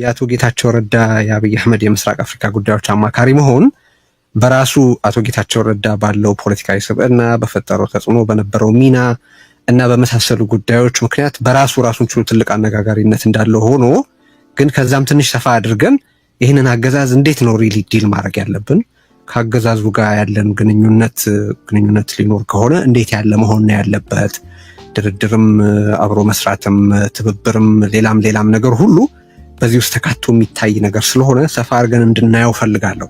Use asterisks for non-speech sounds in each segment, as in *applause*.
የአቶ ጌታቸው ረዳ የአብይ አህመድ የምስራቅ አፍሪካ ጉዳዮች አማካሪ መሆን በራሱ አቶ ጌታቸው ረዳ ባለው ፖለቲካዊ ስብዕና፣ በፈጠረው ተጽዕኖ፣ በነበረው ሚና እና በመሳሰሉ ጉዳዮች ምክንያት በራሱ ራሱን ችሎ ትልቅ አነጋጋሪነት እንዳለው ሆኖ ግን ከዛም ትንሽ ሰፋ አድርገን ይህንን አገዛዝ እንዴት ነው ሪሊ ዲል ማድረግ ያለብን፣ ከአገዛዙ ጋር ያለን ግንኙነት ግንኙነት ሊኖር ከሆነ እንዴት ያለ መሆን ነው ያለበት፣ ድርድርም፣ አብሮ መስራትም፣ ትብብርም ሌላም ሌላም ነገር ሁሉ በዚህ ውስጥ ተካቶ የሚታይ ነገር ስለሆነ ሰፋ አድርገን እንድናየው ፈልጋለሁ።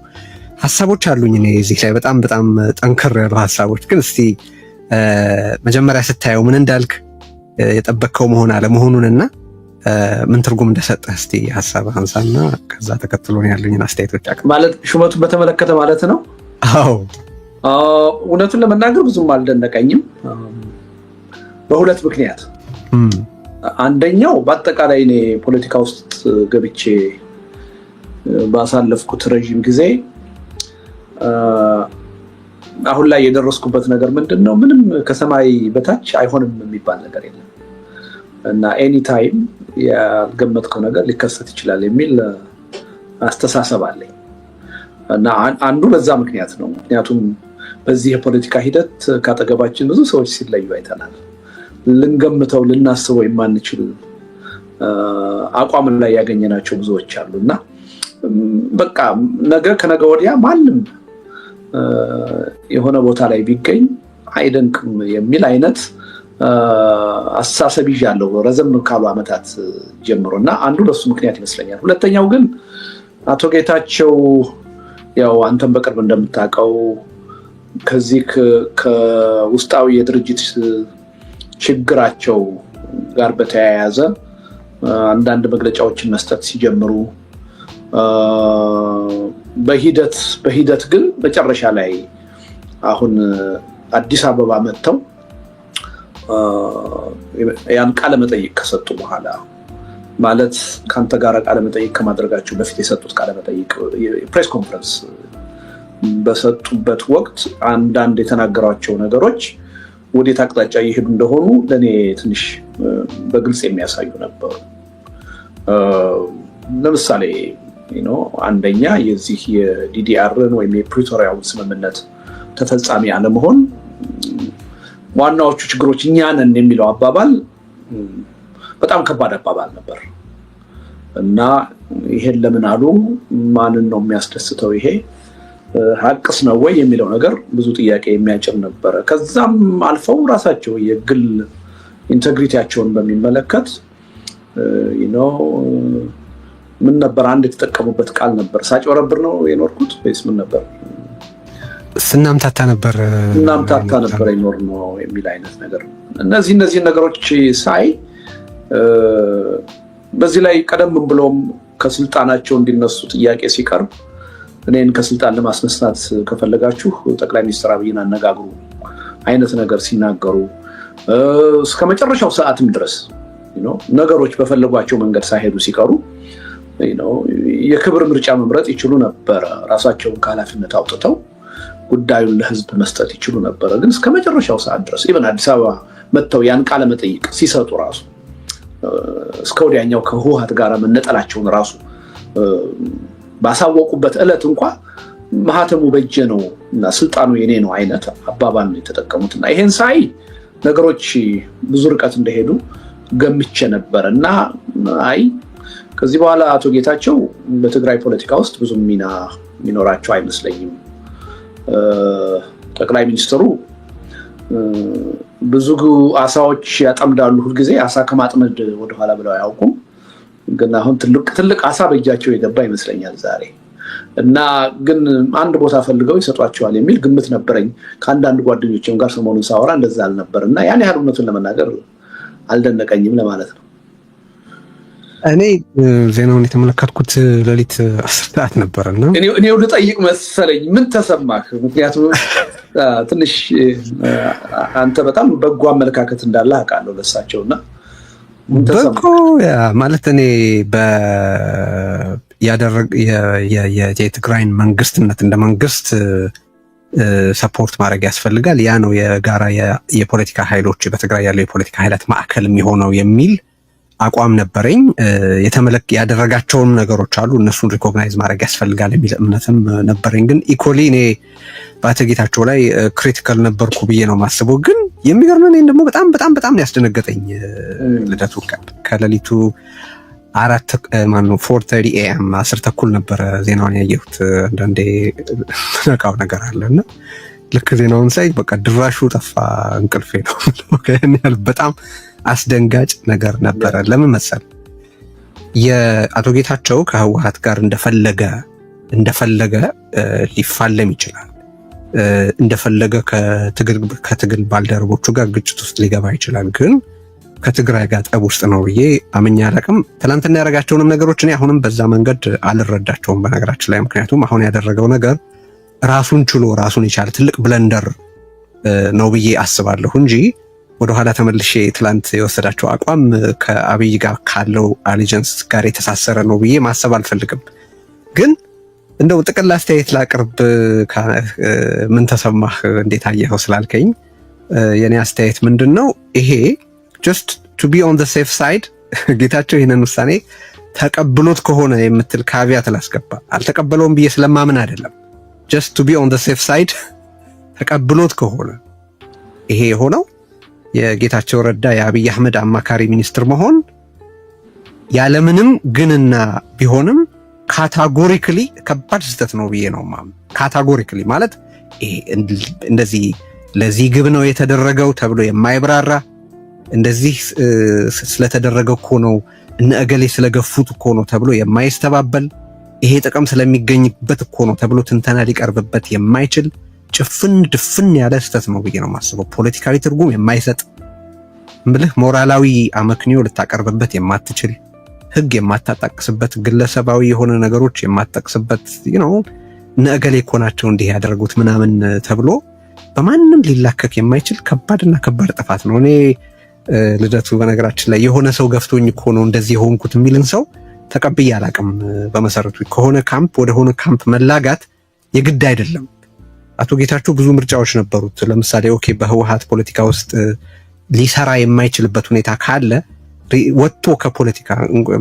ሀሳቦች አሉኝ እኔ እዚህ ላይ በጣም በጣም ጠንከር ያሉ ሀሳቦች፣ ግን እስቲ መጀመሪያ ስታየው ምን እንዳልክ የጠበቅከው መሆን አለመሆኑንና ምን ትርጉም እንደሰጠ እስቲ ሀሳብ አንሳና ከዛ ተከትሎ ያሉኝን አስተያየቶች አቅም ማለት ሹመቱን በተመለከተ ማለት ነው። አዎ እውነቱን ለመናገር ብዙም አልደነቀኝም በሁለት ምክንያት አንደኛው በአጠቃላይ እኔ ፖለቲካ ውስጥ ገብቼ ባሳለፍኩት ረዥም ጊዜ አሁን ላይ የደረስኩበት ነገር ምንድን ነው? ምንም ከሰማይ በታች አይሆንም የሚባል ነገር የለም እና ኤኒ ታይም ያልገመትከው ነገር ሊከሰት ይችላል የሚል አስተሳሰብ አለኝ እና አንዱ በዛ ምክንያት ነው። ምክንያቱም በዚህ የፖለቲካ ሂደት ከአጠገባችን ብዙ ሰዎች ሲለዩ አይተናል። ልንገምተው ልናስበው የማንችል አቋም ላይ ያገኘናቸው ብዙዎች አሉ እና በቃ ነገ ከነገ ወዲያ ማንም የሆነ ቦታ ላይ ቢገኝ አይደንቅም የሚል አይነት አስተሳሰብ ይዣለሁ ረዘም ካሉ ዓመታት ጀምሮ እና አንዱ ለሱ ምክንያት ይመስለኛል። ሁለተኛው ግን አቶ ጌታቸው ያው አንተም በቅርብ እንደምታውቀው ከዚህ ከውስጣዊ የድርጅት ችግራቸው ጋር በተያያዘ አንዳንድ መግለጫዎችን መስጠት ሲጀምሩ በሂደት በሂደት ግን መጨረሻ ላይ አሁን አዲስ አበባ መጥተው ያን ቃለ መጠይቅ ከሰጡ በኋላ ማለት ከአንተ ጋር ቃለ መጠይቅ ከማድረጋቸው በፊት የሰጡት ቃለ መጠይቅ ፕሬስ ኮንፈረንስ በሰጡበት ወቅት አንዳንድ የተናገሯቸው ነገሮች ወዴት አቅጣጫ እየሄዱ እንደሆኑ ለእኔ ትንሽ በግልጽ የሚያሳዩ ነበሩ። ለምሳሌ አንደኛ የዚህ የዲዲአርን ወይም የፕሪቶሪያውን ስምምነት ተፈጻሚ አለመሆን ዋናዎቹ ችግሮች እኛ ነን የሚለው አባባል በጣም ከባድ አባባል ነበር እና ይሄን ለምን አሉ? ማንን ነው የሚያስደስተው? ይሄ ሀቅስ ነው ወይ የሚለው ነገር ብዙ ጥያቄ የሚያጭር ነበረ። ከዛም አልፈው ራሳቸው የግል ኢንተግሪቲያቸውን በሚመለከት ምን ነበር አንድ የተጠቀሙበት ቃል ነበር፣ ሳጭበረብር ነው የኖርኩት ወይስ ምን ነበር? ስናምታታ ነበር ስናምታታ ነበር የኖር ነው የሚል አይነት ነገር። እነዚህ እነዚህ ነገሮች ሳይ በዚህ ላይ ቀደም ብሎም ከስልጣናቸው እንዲነሱ ጥያቄ ሲቀርብ እኔን ከስልጣን ለማስነሳት ከፈለጋችሁ ጠቅላይ ሚኒስትር አብይን አነጋግሩ አይነት ነገር ሲናገሩ እስከ መጨረሻው ሰዓትም ድረስ ነገሮች በፈለጓቸው መንገድ ሳይሄዱ ሲቀሩ የክብር ምርጫ መምረጥ ይችሉ ነበረ። ራሳቸውን ከኃላፊነት አውጥተው ጉዳዩን ለሕዝብ መስጠት ይችሉ ነበረ። ግን እስከ መጨረሻው ሰዓት ድረስ ኢቨን አዲስ አበባ መጥተው ያን ቃለ መጠይቅ ሲሰጡ ራሱ እስከ ወዲያኛው ከህወሓት ጋር መነጠላቸውን ራሱ ባሳወቁበት ዕለት እንኳ ማህተሙ በእጄ ነው እና ስልጣኑ የኔ ነው አይነት አባባል ነው የተጠቀሙት። እና ይሄን ሳይ ነገሮች ብዙ ርቀት እንደሄዱ ገምቼ ነበር እና አይ ከዚህ በኋላ አቶ ጌታቸው በትግራይ ፖለቲካ ውስጥ ብዙ ሚና የሚኖራቸው አይመስለኝም። ጠቅላይ ሚኒስትሩ ብዙ አሳዎች ያጠምዳሉ። ሁልጊዜ አሳ ከማጥመድ ወደኋላ ብለው አያውቁም። ግን አሁን ትልቅ ትልቅ አሳ በእጃቸው የገባ ይመስለኛል ዛሬ እና ግን አንድ ቦታ ፈልገው ይሰጧቸዋል የሚል ግምት ነበረኝ። ከአንዳንድ ጓደኞችም ጋር ሰሞኑን ሳወራ እንደዛ አልነበር እና ያን ያህል እውነቱን ለመናገር አልደነቀኝም ለማለት ነው። እኔ ዜናውን የተመለከትኩት ሌሊት አስር ሰዓት ነበር እና እኔው ልጠይቅ መሰለኝ ምን ተሰማህ? ምክንያቱም ትንሽ አንተ በጣም በጎ አመለካከት እንዳለ አውቃለሁ ለሳቸው እና በጎ ማለት እኔ የትግራይን መንግስትነት እንደ መንግስት ሰፖርት ማድረግ ያስፈልጋል። ያ ነው የጋራ የፖለቲካ ኃይሎች በትግራይ ያለው የፖለቲካ ኃይላት ማዕከል የሚሆነው የሚል አቋም ነበረኝ። የተመለክ ያደረጋቸውም ነገሮች አሉ እነሱን ሪኮግናይዝ ማድረግ ያስፈልጋል የሚል እምነትም ነበረኝ። ግን ኢኮሊ እኔ ባተጌታቸው ላይ ክሪቲካል ነበርኩ ብዬ ነው ማስበው። ግን የሚገርመን ደግሞ በጣም በጣም በጣም ያስደነገጠኝ ልደቱ ከሌሊቱ አራት ማነው ፎር ተርቲ ኤኤም አስር ተኩል ነበረ ዜናውን ያየሁት። አንዳንዴ ነቃው ነገር አለ እና ልክ ዜናውን ሳይ በቃ ድራሹ ጠፋ። እንቅልፌ ነው በጣም አስደንጋጭ ነገር ነበረ። ለምን መሰል የአቶ ጌታቸው ከህወሀት ጋር እንደፈለገ እንደፈለገ ሊፋለም ይችላል። እንደፈለገ ከትግል ባልደረቦቹ ጋር ግጭት ውስጥ ሊገባ ይችላል። ግን ከትግራይ ጋር ጠብ ውስጥ ነው ብዬ አምኜ አላቅም። ትናንትና ያደረጋቸውንም ነገሮች እኔ አሁንም በዛ መንገድ አልረዳቸውም በነገራችን ላይ ምክንያቱም አሁን ያደረገው ነገር ራሱን ችሎ ራሱን የቻለ ትልቅ ብለንደር ነው ብዬ አስባለሁ እንጂ ወደኋላ ተመልሼ ትላንት የወሰዳቸው አቋም ከአብይ ጋር ካለው አሊጀንስ ጋር የተሳሰረ ነው ብዬ ማሰብ አልፈልግም። ግን እንደው ጥቅል አስተያየት ላቅርብ። ምን ተሰማህ እንዴት አየኸው ስላልከኝ የኔ አስተያየት ምንድን ነው ይሄ ጀስት ቱ ቢ ኦን ሴፍ ሳይድ ጌታቸው ይህንን ውሳኔ ተቀብሎት ከሆነ የምትል ካቢያት ላስገባ። አልተቀበለውም ብዬ ስለማምን አይደለም። ጀስት ቱ ቢ ኦን ሴፍ ሳይድ ተቀብሎት ከሆነ ይሄ የሆነው የጌታቸው ረዳ የአብይ አህመድ አማካሪ ሚኒስትር መሆን ያለምንም ግንና ቢሆንም ካታጎሪክሊ ከባድ ስህተት ነው ብዬ ነው ማም ካታጎሪክሊ ማለት እንደዚህ ለዚህ ግብ ነው የተደረገው ተብሎ የማይብራራ እንደዚህ ስለተደረገ እኮ ነው እነ እገሌ ስለገፉት እኮ ነው ተብሎ የማይስተባበል ይሄ ጥቅም ስለሚገኝበት እኮ ነው ተብሎ ትንተና ሊቀርብበት የማይችል ጭፍን ድፍን ያለ ስህተት ነው ብዬ ነው የማስበው። ፖለቲካዊ ትርጉም የማይሰጥ ምልህ ሞራላዊ አመክንዮ ልታቀርብበት የማትችል ህግ የማታጣቅስበት ግለሰባዊ የሆነ ነገሮች የማትጠቅስበት ነው። ነገሌ እኮ ናቸው እንዲህ ያደረጉት ምናምን ተብሎ በማንም ሊላከክ የማይችል ከባድና ከባድ ጥፋት ነው። እኔ ልደቱ፣ በነገራችን ላይ የሆነ ሰው ገፍቶኝ እኮ ነው እንደዚህ የሆንኩት የሚልን ሰው ተቀብዬ አላቅም። በመሰረቱ ከሆነ ካምፕ ወደ ሆነ ካምፕ መላጋት የግድ አይደለም። አቶ ጌታቸው ብዙ ምርጫዎች ነበሩት። ለምሳሌ ኦኬ በህወሀት ፖለቲካ ውስጥ ሊሰራ የማይችልበት ሁኔታ ካለ ወጥቶ ከፖለቲካ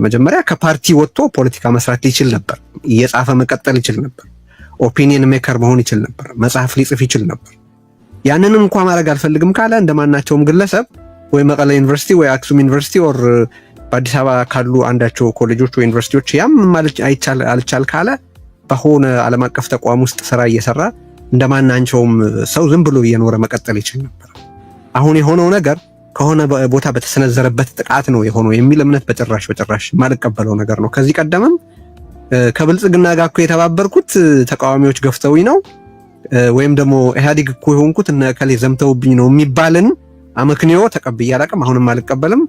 መጀመሪያ ከፓርቲ ወጥቶ ፖለቲካ መስራት ሊችል ነበር። እየጻፈ መቀጠል ይችል ነበር። ኦፒኒየን ሜከር መሆን ይችል ነበር። መጽሐፍ ሊጽፍ ይችል ነበር። ያንን እንኳ ማድረግ አልፈልግም ካለ እንደማናቸውም ግለሰብ ወይ መቀለ ዩኒቨርሲቲ ወይ አክሱም ዩኒቨርሲቲ ኦር በአዲስ አበባ ካሉ አንዳቸው ኮሌጆች ወይ ዩኒቨርሲቲዎች ያም አልቻል ካለ በሆነ ዓለም አቀፍ ተቋም ውስጥ ስራ እየሰራ እንደማናንቸውም ሰው ዝም ብሎ እየኖረ መቀጠል ይችል ነበር። አሁን የሆነው ነገር ከሆነ ቦታ በተሰነዘረበት ጥቃት ነው የሆነው የሚል እምነት በጭራሽ በጭራሽ የማልቀበለው ነገር ነው። ከዚህ ቀደምም ከብልጽግና ጋር እኮ የተባበርኩት ተቃዋሚዎች ገፍተውኝ ነው ወይም ደግሞ ኢህአዴግ እኮ የሆንኩት እነ እከሌ ዘምተውብኝ ነው የሚባልን አመክንዮ ተቀብዬ አላቅም፣ አሁንም አልቀበልም።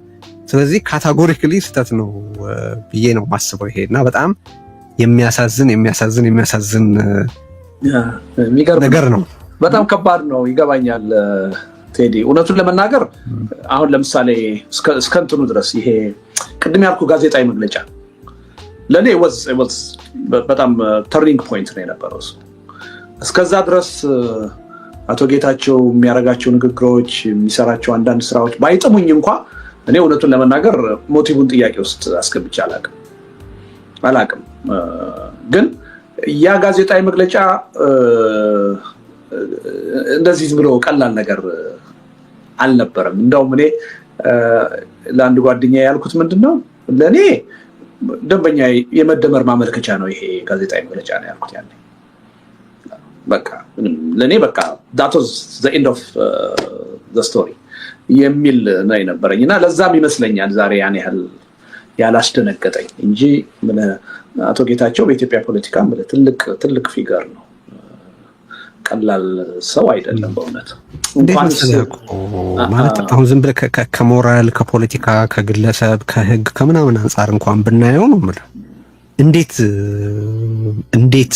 ስለዚህ ካታጎሪክሊ ስህተት ነው ብዬ ነው ማስበው። እና በጣም የሚያሳዝን የሚያሳዝን የሚያሳዝን የሚገርም ነገር ነው። በጣም ከባድ ነው። ይገባኛል ቴዲ። እውነቱን ለመናገር አሁን ለምሳሌ እስከ እንትኑ ድረስ ይሄ ቅድም ያልኩ ጋዜጣዊ መግለጫ ለእኔ በጣም ተርኒንግ ፖይንት ነው የነበረው። እስከዛ ድረስ አቶ ጌታቸው የሚያደርጋቸው ንግግሮች፣ የሚሰራቸው አንዳንድ ስራዎች ባይጥሙኝ እንኳ እኔ እውነቱን ለመናገር ሞቲቡን ጥያቄ ውስጥ አስገብቼ አላቅም አላቅም ግን ያ ጋዜጣዊ መግለጫ እንደዚህ ብሎ ቀላል ነገር አልነበረም። እንደውም እኔ ለአንድ ጓደኛ ያልኩት ምንድን ነው ለእኔ ደንበኛ የመደመር ማመልከቻ ነው ይሄ ጋዜጣዊ መግለጫ ነው ያልኩት። ያለ በቃ ለእኔ በቃ ዳት ዋዝ ዘ ኤንድ ኦፍ ዘ ስቶሪ የሚል ነው የነበረኝ እና ለዛም ይመስለኛል ዛሬ ያን ያህል ያላስደነገጠኝ እንጂ አቶ ጌታቸው በኢትዮጵያ ፖለቲካ ትልቅ ፊገር ነው። ቀላል ሰው አይደለም። በእውነት ማለት አሁን ዝም ብለህ ከሞራል ከፖለቲካ ከግለሰብ ከህግ ከምናምን አንጻር እንኳን ብናየው ነው የምልህ እንዴት እንዴት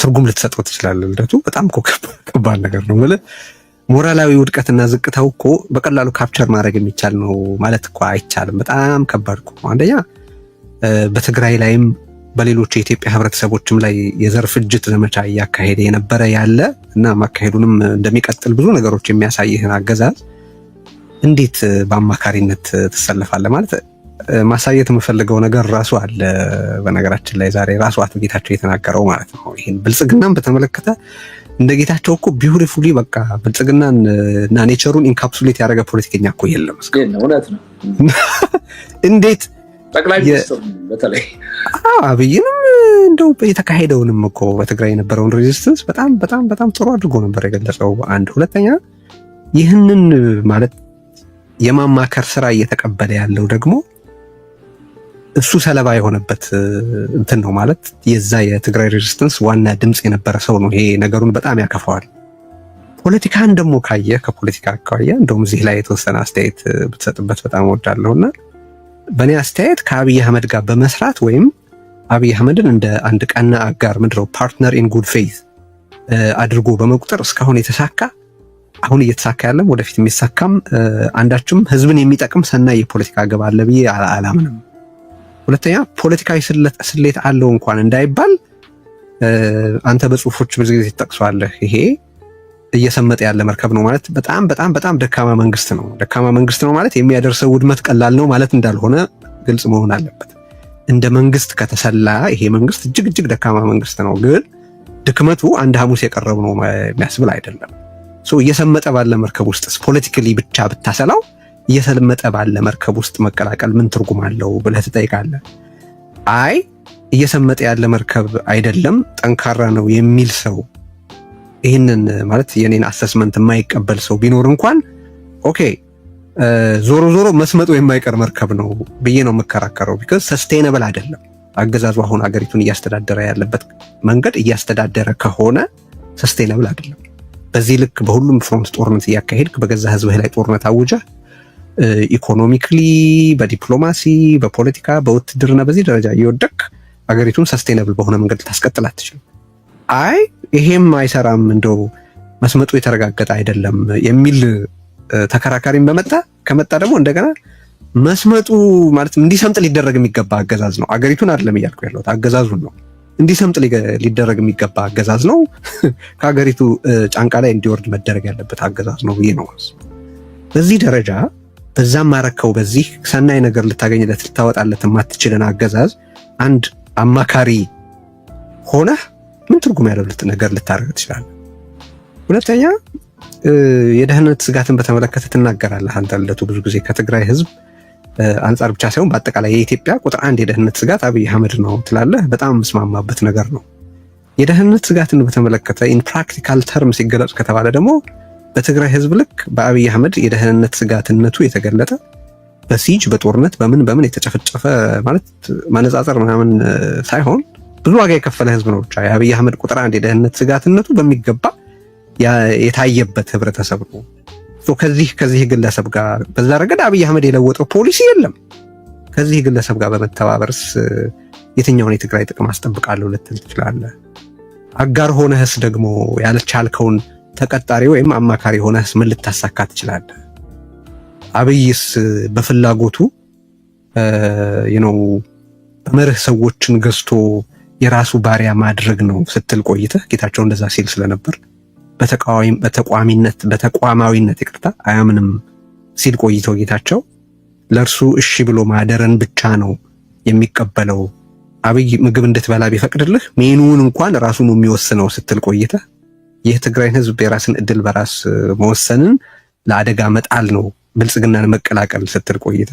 ትርጉም ልትሰጠው ትችላለህ? ልደቱ በጣም እኮ ከባድ ነገር ነው የምልህ ሞራላዊ ውድቀትና ዝቅታው እኮ በቀላሉ ካፕቸር ማድረግ የሚቻል ነው ማለት እኮ አይቻልም። በጣም ከባድ እኮ አንደኛ በትግራይ ላይም በሌሎች የኢትዮጵያ ህብረተሰቦችም ላይ የዘር ፍጅት ዘመቻ እያካሄደ የነበረ ያለ እና ማካሄዱንም እንደሚቀጥል ብዙ ነገሮች የሚያሳይህን አገዛዝ እንዴት በአማካሪነት ትሰልፋለህ? ማለት ማሳየት የምፈልገው ነገር ራሱ አለ። በነገራችን ላይ ዛሬ ራሱ አቶ ጌታቸው የተናገረው ማለት ነው። ይህን ብልጽግናም በተመለከተ እንደ ጌታቸው እኮ ቢዩቲፉሊ በቃ ብልጽግናን እና ኔቸሩን ኢንካፕሱሌት ያደረገ ፖለቲከኛ እኮ የለም። እውነት ነው። *laughs* እንዴት ጠቅላይ ሚኒስትሩ አብይንም እንደው የተካሄደውንም እኮ በትግራይ የነበረውን ሬዚስተንስ በጣም በጣም በጣም ጥሩ አድርጎ ነበር የገለጸው። አንድ ሁለተኛ ይህንን ማለት የማማከር ስራ እየተቀበለ ያለው ደግሞ እሱ ሰለባ የሆነበት እንትን ነው ማለት የዛ የትግራይ ሬዚስተንስ ዋና ድምፅ የነበረ ሰው ነው። ይሄ ነገሩን በጣም ያከፋዋል። ፖለቲካን ደግሞ ካየ ከፖለቲካ አካባቢ እንደውም እዚህ ላይ የተወሰነ አስተያየት ብትሰጥበት በጣም እወዳለሁና በእኔ አስተያየት ከአብይ አህመድ ጋር በመስራት ወይም አብይ አህመድን እንደ አንድ ቀና አጋር ምድረው ፓርትነር ኢን ጉድ ፌይዝ አድርጎ በመቁጠር እስካሁን የተሳካ አሁን እየተሳካ ያለም ወደፊት የሚሳካም አንዳችም ህዝብን የሚጠቅም ሰናይ የፖለቲካ ገባ አለ ብዬ አላምንም። ሁለተኛ ፖለቲካዊ ስሌት አለው እንኳን እንዳይባል አንተ በጽሁፎች ብዙ ጊዜ ትጠቅሰዋለህ። ይሄ እየሰመጠ ያለ መርከብ ነው ማለት በጣም በጣም በጣም ደካማ መንግስት ነው። ደካማ መንግስት ነው ማለት የሚያደርሰው ውድመት ቀላል ነው ማለት እንዳልሆነ ግልጽ መሆን አለበት። እንደ መንግስት ከተሰላ ይሄ መንግስት እጅግ እጅግ ደካማ መንግስት ነው። ግን ድክመቱ አንድ ሐሙስ የቀረብ ነው የሚያስብል አይደለም። እየሰመጠ ባለ መርከብ ውስጥ ፖለቲካሊ ብቻ ብታሰላው እየሰለመጠ ባለ መርከብ ውስጥ መቀላቀል ምን ትርጉም አለው ብለህ ትጠይቃለህ። አይ እየሰመጠ ያለ መርከብ አይደለም ጠንካራ ነው የሚል ሰው ይህንን ማለት የኔን አሰስመንት የማይቀበል ሰው ቢኖር እንኳን ኦኬ ዞሮ ዞሮ መስመጡ የማይቀር መርከብ ነው ብዬ ነው የምከራከረው። ቢካዝ ሰስቴነብል አይደለም አገዛዙ አሁን ሀገሪቱን እያስተዳደረ ያለበት መንገድ እያስተዳደረ ከሆነ ሰስቴነብል አይደለም። በዚህ ልክ በሁሉም ፍሮንት ጦርነት እያካሄድክ በገዛ ህዝብህ ላይ ጦርነት አውጀህ ኢኮኖሚክሊ፣ uh, በዲፕሎማሲ፣ በፖለቲካ፣ በውትድርና በዚህ ደረጃ እየወደቅ ሀገሪቱን ሰስቴነብል በሆነ መንገድ ልታስቀጥል አትችልም። አይ ይሄም አይሰራም እንደው መስመጡ የተረጋገጠ አይደለም የሚል uh, ተከራካሪም በመጣ ከመጣ ደግሞ እንደገና መስመጡ ማለት እንዲሰምጥ ሊደረግ የሚገባ አገዛዝ ነው። አገሪቱን አይደለም እያልኩ ያለሁት አገዛዙን ነው። እንዲሰምጥ ሊደረግ የሚገባ አገዛዝ ነው። *laughs* ከሀገሪቱ uh, ጫንቃ ላይ እንዲወርድ መደረግ ያለበት አገዛዝ ነው ብዬ ነው በዚህ ደረጃ በዛም ማረከው በዚህ ሰናይ ነገር ልታገኝለት ልታወጣለት የማትችልን አገዛዝ አንድ አማካሪ ሆነህ ምን ትርጉም ያለው ነገር ልታደርግ ትችላለህ? ሁለተኛ የደህንነት ስጋትን በተመለከተ ትናገራለህ። አንተ ለቱ ብዙ ጊዜ ከትግራይ ህዝብ አንጻር ብቻ ሳይሆን በአጠቃላይ የኢትዮጵያ ቁጥር አንድ የደህንነት ስጋት አብይ አህመድ ነው ትላለህ። በጣም የምስማማበት ነገር ነው። የደህንነት ስጋትን በተመለከተ ኢን ፕራክቲካል ተርም ሲገለጽ ከተባለ ደግሞ በትግራይ ህዝብ ልክ በአብይ አህመድ የደህንነት ስጋትነቱ የተገለጠ በሲጅ በጦርነት በምን በምን የተጨፈጨፈ ማለት መነጻጸር ምናምን ሳይሆን ብዙ ዋጋ የከፈለ ህዝብ ነው። ብቻ የአብይ አህመድ ቁጥር አንድ የደህንነት ስጋትነቱ በሚገባ የታየበት ህብረተሰብ ነው። ከዚህ ከዚህ ግለሰብ ጋር በዛ ረገድ አብይ አህመድ የለወጠው ፖሊሲ የለም። ከዚህ ግለሰብ ጋር በመተባበርስ የትኛውን የትግራይ ጥቅም አስጠብቃለሁ ልትል ትችላለህ? አጋር ሆነህስ ደግሞ ያልቻልከውን ተቀጣሪ ወይም አማካሪ ሆነህ ምን ልታሳካ ትችላለህ? አብይስ በፍላጎቱ ነው በመርህ ሰዎችን ገዝቶ የራሱ ባሪያ ማድረግ ነው ስትል ቆይተህ ጌታቸው እንደዛ ሲል ስለነበር በተቋሚነት በተቋማዊነት ይቅርታ አያምንም ሲል ቆይተው ጌታቸው ለእርሱ እሺ ብሎ ማደረን ብቻ ነው የሚቀበለው። አብይ ምግብ እንድትበላ ቢፈቅድልህ ሜኑን እንኳን ራሱ ነው የሚወስነው ስትል ቆይተህ የትግራይን ህዝብ የራስን እድል በራስ መወሰንን ለአደጋ መጣል ነው ብልጽግናን መቀላቀል ስትል ቆይተ፣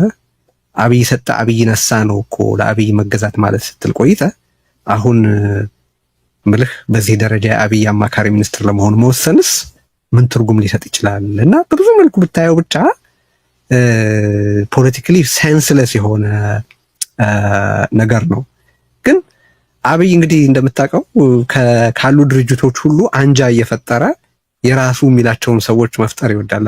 አብይ ሰጠ አብይ ነሳ ነው እኮ ለአብይ መገዛት ማለት ስትል ቆይተ፣ አሁን ምልህ በዚህ ደረጃ የአብይ አማካሪ ሚኒስትር ለመሆን መወሰንስ ምን ትርጉም ሊሰጥ ይችላል? እና በብዙ መልኩ ብታየው ብቻ ፖለቲካሊ ሴንስለስ የሆነ ነገር ነው ግን አብይ እንግዲህ እንደምታውቀው ካሉ ድርጅቶች ሁሉ አንጃ እየፈጠረ የራሱ የሚላቸውን ሰዎች መፍጠር ይወዳል።